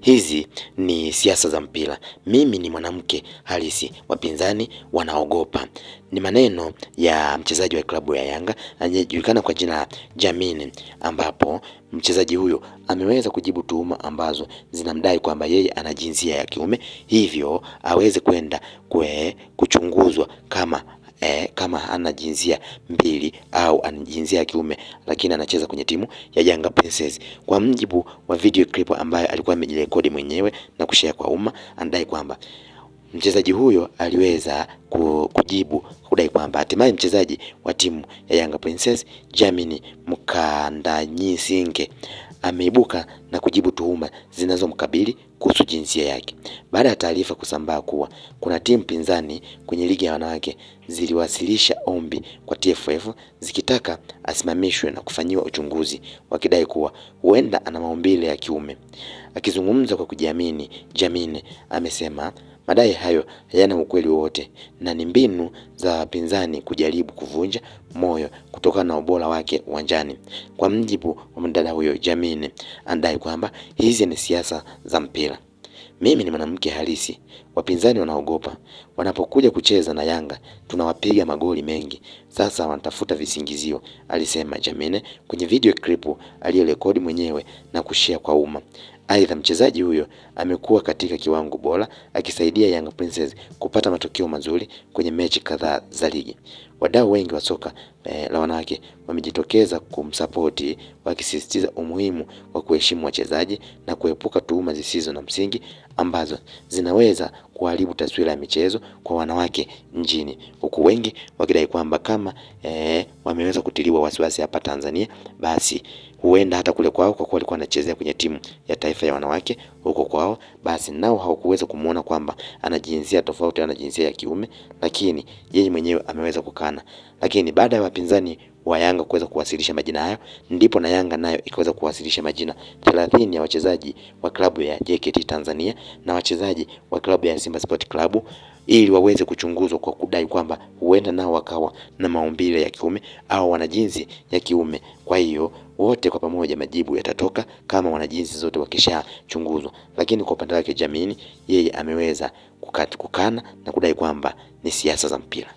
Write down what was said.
Hizi ni siasa za mpira. Mimi ni mwanamke halisi, wapinzani wanaogopa, ni maneno ya mchezaji wa klabu ya Yanga anayejulikana kwa jina la Dlamini, ambapo mchezaji huyo ameweza kujibu tuhuma ambazo zinamdai kwamba yeye ana jinsia ya kiume, hivyo aweze kwenda kwe kuchunguzwa kama eh, kama ana jinsia mbili au ana jinsia ya kiume, lakini anacheza kwenye timu ya Yanga Princess. Kwa mjibu wa video clip ambayo alikuwa amejirekodi mwenyewe na kushare kwa umma, anadai kwamba mchezaji huyo aliweza kujibu kudai kwamba hatimaye mchezaji wa timu ya Yanga Princess Dlamini Mkandanyisinge ameibuka na kujibu tuhuma zinazomkabili kuhusu jinsia yake baada ya taarifa kusambaa kuwa kuna timu pinzani kwenye ligi ya wanawake ziliwasilisha ombi kwa TFF zikitaka asimamishwe na kufanyiwa uchunguzi, wakidai kuwa huenda ana maumbile ya kiume. Akizungumza kwa kujiamini, Jamine amesema Madai hayo hayana ukweli wowote na ni mbinu za wapinzani kujaribu kuvunja moyo kutokana na ubora wake uwanjani. Kwa mjibu wa mdada huyo, Dlamini anadai kwamba hizi ni siasa za mpira. Mimi ni mwanamke halisi Wapinzani wanaogopa, wanapokuja kucheza na Yanga tunawapiga magoli mengi, sasa wanatafuta visingizio, alisema Jamine kwenye video clip aliyorekodi mwenyewe na kushare kwa umma. Aidha, mchezaji huyo amekuwa katika kiwango bora akisaidia Young Princess kupata matokeo mazuri kwenye mechi kadhaa za ligi. Wadau wengi wa soka eh, la wanawake wamejitokeza kumsapoti wakisisitiza umuhimu wa kuheshimu wachezaji na kuepuka tuhuma zisizo na msingi ambazo zinaweza kuharibu taswira ya michezo kwa wanawake nchini, huku wengi wakidai kwamba kama e, wameweza kutiliwa wasiwasi hapa Tanzania basi huenda hata kule kwao kwa kuwa alikuwa anachezea kwenye timu ya taifa ya wanawake huko kwao, basi nao hawakuweza kumwona kwamba ana jinsia tofauti, ana jinsia ya kiume, lakini yeye mwenyewe ameweza kukana. Lakini baada ya wapinzani wa Yanga kuweza kuwasilisha majina hayo, ndipo na Yanga nayo ikaweza kuwasilisha majina 30 ya wachezaji wa klabu ya JKT Tanzania na wachezaji wa klabu ya Simba Sport Club ili waweze kuchunguzwa kwa kudai kwamba huenda nao wakawa na maumbile ya kiume au wana jinsi ya kiume. Kwa hiyo wote kwa pamoja majibu yatatoka kama wanajinsi zote wakishachunguzwa. Lakini kwa upande wake jamini yeye ameweza kukana na kudai kwamba ni siasa za mpira.